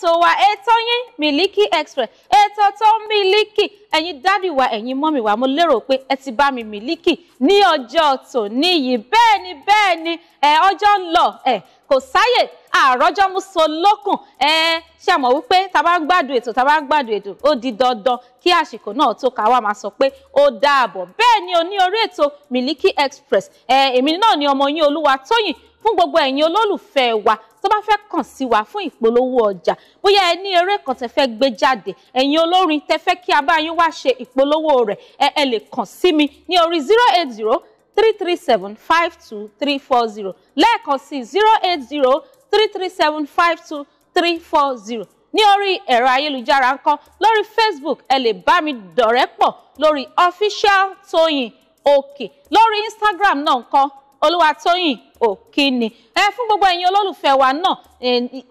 ètò wa ètò yín Miliki Express ètò tó Miliki ẹ̀yin dádì wa ẹ̀yin mọ́mì wa mo lérò pé ẹ ti bá mi Miliki ní ọjọ́ tòní yìí bẹ́ẹ̀ ni bẹ́ẹ̀ ni ẹ ọjọ́ ń lọ ẹ kò sáyè àrọ́jọ́múso lókùn ẹ ṣe mọ̀ wípé tá a bá ń gbádùn ètò tá a bá ń gbádùn ètò ó di dandan kí àsìkò náà tó ká wá máa sọ pé ó dáàbọ̀ bẹ́ẹ̀ ni o ní orí ètò Miliki Express ẹ èmi náà ni ọmọ yín Olúwatóyìn fún gbogbo ẹ̀yin olólùfẹ́ wa tó bá fẹ́ kàn sí wa fún ìpolówó ọjà bóyá ẹ ní eré kan tẹ́ fẹ́ gbé jáde ẹ̀yin olórin tẹ́ fẹ́ kí a bá yín wá ṣe ìpolówó rẹ̀ ẹ ẹ lè kàn sí mi ní orí zero eight zero three three seven five two three four zero lẹ́ẹ̀kan sí zero eight zero three three seven five two three four zero ní orí ẹ̀rọ ayélujára ńkọ́ lórí Facebook ẹ lè bá mi dọ̀rẹ́ pọ̀ lórí official Tóyìn Òkè lórí Instagram náà ńkọ́ olúwatóyìn òkínni ẹ fún gbogbo ẹ̀yin olólùfẹ́ wa náà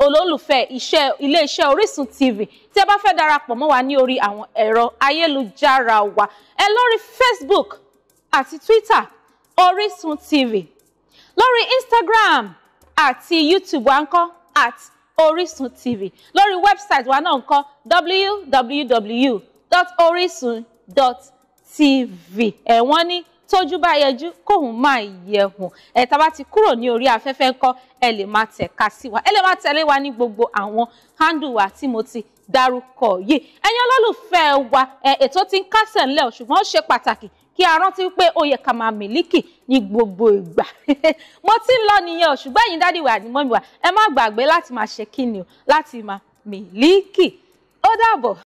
olólùfẹ́ iṣẹ́ iléeṣẹ́ orísun tv tí ẹ bá fẹ́ darapọ̀ mọ́ wa ní orí àwọn ẹ̀rọ ayélujára wa ẹ lórí facebook àti twitter orísun tv lórí instagram àti youtube wa ńkọ́ at orísun tv lórí website wa náà ńkọ́ www.orisun.tv ẹ wọ́n ní tójú bá yẹjú kóun máa yẹ̀hùn ẹ tá bá ti kúrò ní orí afẹ́fẹ́ ńkọ́ ẹ lè máa tẹ̀ka sí wa ẹ lè máa tẹ̀lé wa ní gbogbo àwọn handle wa tí mo ti dárúkọ yìí ẹ̀yin olólùfẹ́ wa ètò ti ń kásẹ̀ ńlẹ̀ ṣùgbọ́n ó ṣe pàtàkì kí a rántí pé ó yẹ ká máa mílíkì ní gbogbo ìgbà mo ti ń lọ nìyẹn o ṣùgbọ́n ẹ̀yin dádì wa àti mọ́mì wa ẹ má gbàgbé láti máa ṣe kíni o láti máa mílíkì ó dàbọ̀.